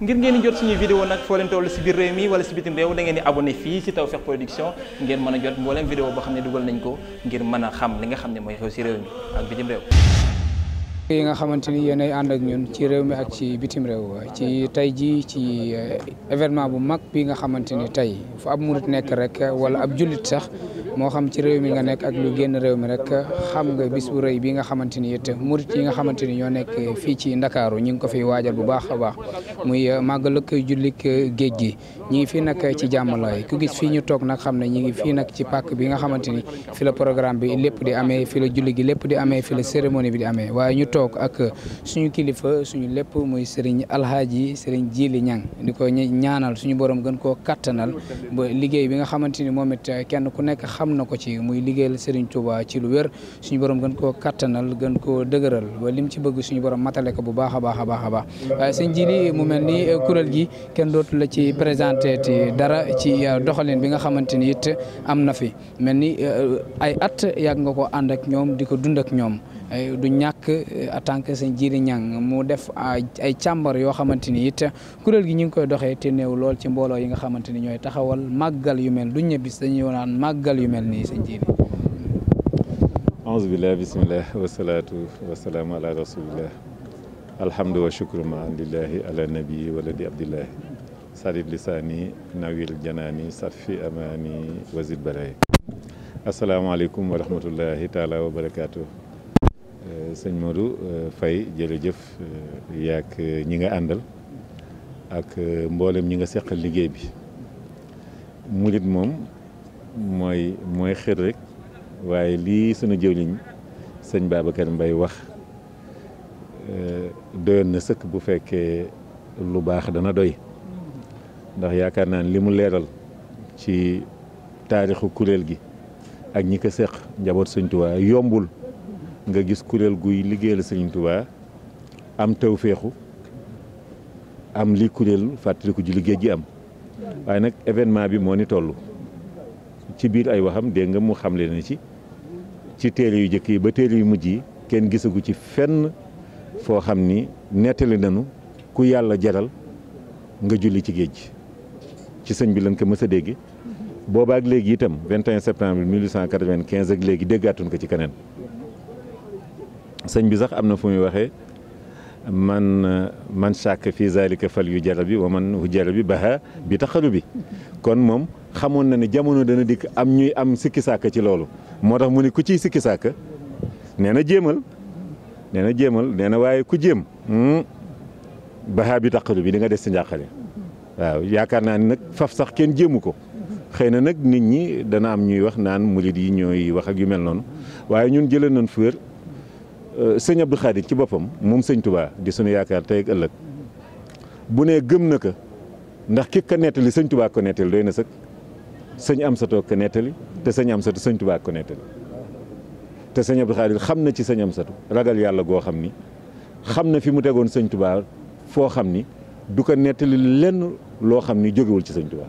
ngir ngeen di jot suñuy vidéo nag foo leen toll si biir réew mi wala si bitim réew da ngeen di abonné fii si Tawfekh Production ngeen mën a jot mbooleem vidéo boo xam ne dugal nañ ko ngir mën a xam li nga xam ne mooy xew si réew mi ak bitim nga xamante ni yéen ay ànd ak ñun ci réew mi ak ci bitim réew ci tey ji ci eh, événement bu mag bi nga xamante ni tey fu ab murit nekk rek eh, wala ab jullit sax moo xam ci réew mi nga nekk ak lu génn réew mi rek xam nga bis bu rëy bi nga xamante ni it murit yi nga xamante ni ñoo nekk fii ci ndakaaru ñu ngi ko fi waajal bu baax a baax muy màggalug jullik géej gi ñi ngi fii nag ci jàmmalaay ku gis fii ñu toog nag xam ne ñu ngi fii nag ci pàkk bi nga xamante ni fi la programme bi lépp di ame fi la julli gi lépp di amee fi la cérémonie bi di amee waaye ñu toog ak suñu kilifa suñu lépp muy sëriñ alhaaji sëriñ jili ñang di ko ñaanal suñu boroom gën koo kattanal liggéey bi nga xamante moom it kenn ku nekk am na ko ci muy liggéeyal Serigne Touba ci lu wér suñu borom gën koo kattanal gën koo dëgëral ba lim ci bëgg suñu borom matale ko bu baax a baax a baax a baax waaye sëñ Jili mu mel ni kuréel gi kenn dootu la ci présenté ti dara ci euh, doxalin bi nga xamante ni it am na fi mel ni euh, ay at yàgg nga ko ànd ak ñoom di ko dund ak ñoom Eh, du ñàkk eh, en tant que sëñ Jiri Ñang mu def ay càmbar yoo xamante ni it kuréel gi ñu ngi koy doxee te néew lool ci mbooloo yi nga xamante ni ñooy taxawal màggal yu mel duñ ñe bis dañuy naan yu mel nii sëñ Jiri aousubillah bismillah wasalaatu wasalaamu ala rasulillah lisaani nawil janaani sarfi amaani wazid baraye asalaamaaleykum wa rahmatullahi taala wa sëñ Modou euh, Faye jërëjëf euh, yaak euh, ñi nga àndal ak mboolem ñi nga seqal liggéey bi murit moom mooy mooy xër rek waaye lii sunu jëwliñ sëñ Babacar mbay wax doyoon na sëkk bu fekkee lu baax dana doy ndax yaakaar naa ne li mu leeral ci taarixu kuréel gi ak ñi ko seq njaboot sëñ yombul nga gis kuréel guy liggéeyal Serigne Touba am taw féexu am li kuréel fàttaliku ju liggéey ji am waaye nag événement bi moo ni toll ci biir ay waxam dégg nga mu xamle ni ci ci téere yu njëkk yi ba téere yu mujj yi kenn gisagu ci fenn foo xam ni nettali nañu ku yàlla jaral nga julli ci géej ci sëñ bi lañ ko mës a dégg boobaak léegi itam 21 septembre 1895 ak léegi déggaatuñ ko ci keneen sëñ bi sax am na fu muy waxee man man chàkk fii fal yu jara bi wa man hu jara bi baha bi taxalu bi kon moom xamoon na ni jamono dana dikk am ñuy am sikki sàkk ci loolu moo tax mu ne ku ciy sikki sàkk nee na jéemal nee na jéemal nee waaye ku jéem hmm, baha bi taxalu bi di nga des ci njàqale waaw yaakaar naa ni nag faf sax kenn jéemu ko xëy na nag nit ñi dana am ñuy wax naan murid yi ñooy wax ak yu mel noonu waaye ñun jëlee nañ fu wér Euh, sëñ Abdou Khadir ci boppam moom sëñ Touba di sunu yaakaar tey ak ëllëg bu nee gëm na ko ndax ki ko nettali sëñ Touba ko nettali doy na sëkk sëñ Amsatou ko nettali te sëñ Amsatou sëñ Touba ko nettali te sëñ Abdou Khadir xam na ci sëñ Amsatou ragal yàlla goo xam ni xam na fi mu tegoon sëñ Touba foo xam ni du ko nettali lenn loo xam ni jógewul ci sëñ Touba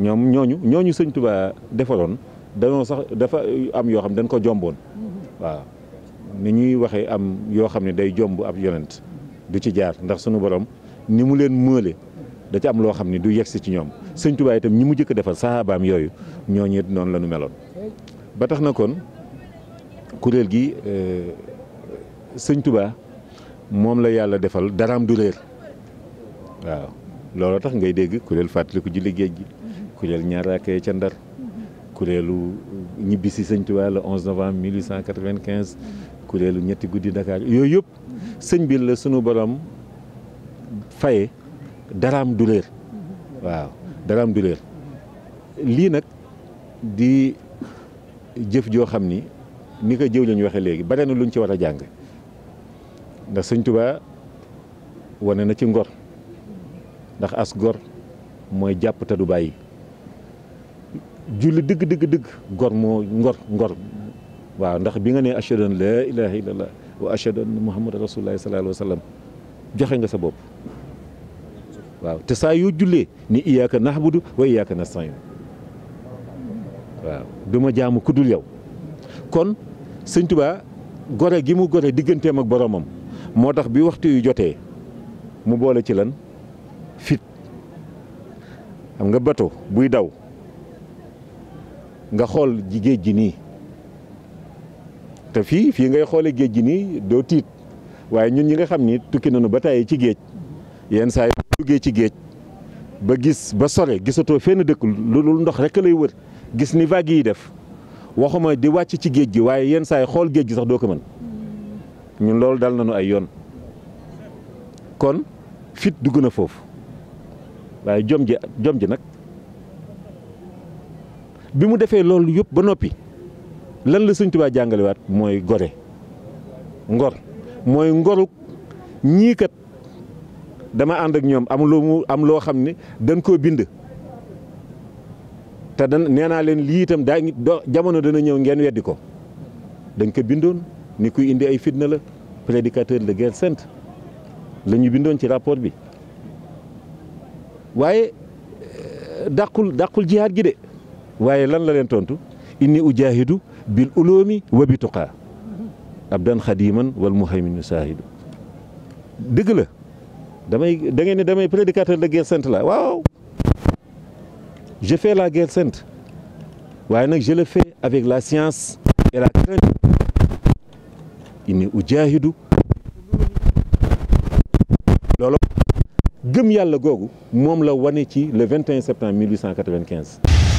ñoom ñooñu ñooñu sëñ Touba defaloon dañoo sax dafa am yoo xam dañ ko jomboon waaw. ni ñuy waxee am yoo xam ne day jomb ab yonent du ci jaar ndax suñu borom ni mu leen mële da ci am loo xam ne du yegsi ci ñoom sëñ Tuubaa itam ñi mu jëkk defal saxaabaam yooyu ñooñu noonu la ñu meloon. ba tax na kon kuréel gi euh, sëñ Tuubaa moom la yàlla defal daraam du réer waaw looloo tax ngay dégg kuréel fàttaliku julli géej gi kuréel ñaar raakee ca Ndar kuréelu ñibbi si sëñ Tuubaa le 11 novembre 1895 kuréelu ñetti guddi Dakar yooyu yëpp sëñ bi la sunu borom faye daraam du réer waaw daraam du réer lii nag di jëf joo xam ni ni ko jëw lañu waxee léegi bare na lu luñ ci war a jàng ndax sëñ Tuubaa wane na ci ngor ndax as gor mooy jàpp te du bàyyi julli dëgg dëgg dëgg gor moo ngor ngor waaw ndax bi nga nee ashhadu an laa ilaha illallah wa ashhadu anna muhammadan rasulullah sallallahu wa sallam joxe nga sa bopp waaw te saa yoo jullee ni iyyaka nahbudu wa iyyaka nasta'in waaw du jaamu ku dul yow kon sëñ Tuubaa gore gi mu gore digganteem ak boromam moo tax bi waxtu yu jotee mu boole ci lan fit xam nga bato buy daw nga xool géej gi nii te fii fii ngay xoole géej gi nii doo tiit waaye ñun ñi nga xam ni tukki nañu ba tàyyi ci géej yenn saa yi duggee ci géej ba gis ba sore gisatoo fenn dëkk lu dul ndox rekk lay wër gis ni vagues yi def waxuma di wàcc ci géej gi waaye yenn saa yi xool géej gi sax doo ko mën ñun loolu dal nañu ay yoon kon fit dugg na foofu waaye jom ji jom ji nag bi mu defee loolu yëpp ba noppi lan la sëñ jàngalewaat mooy gore ngor mooy ngoruk ñii kat dama ànd ak ñoom am loo mu am loo xam ne dañ koo bind te dan nee naa leen lii itam daa ngi jamono dana ñëw ngeen weddi ko dañ ko bindoon ni kuy indi ay fitna la prédicateur de guerre sainte la ñu bindoon ci rapport bi waaye dàqul dàqul jiyaat gi de waaye lan la leen tontu inni ujaahidu bil uloomi wa bi tuqaa abdan xadiman wal muhaymin saahidu dëgg la damay da ngeen ne damay prédicateur de guerre sainte la waaw je fais la guerre sent waaye nag je le fais avec la science et la crainte inni ujaahidu loolu gëm yàlla googu moom la wane ci le 21 septembre 1895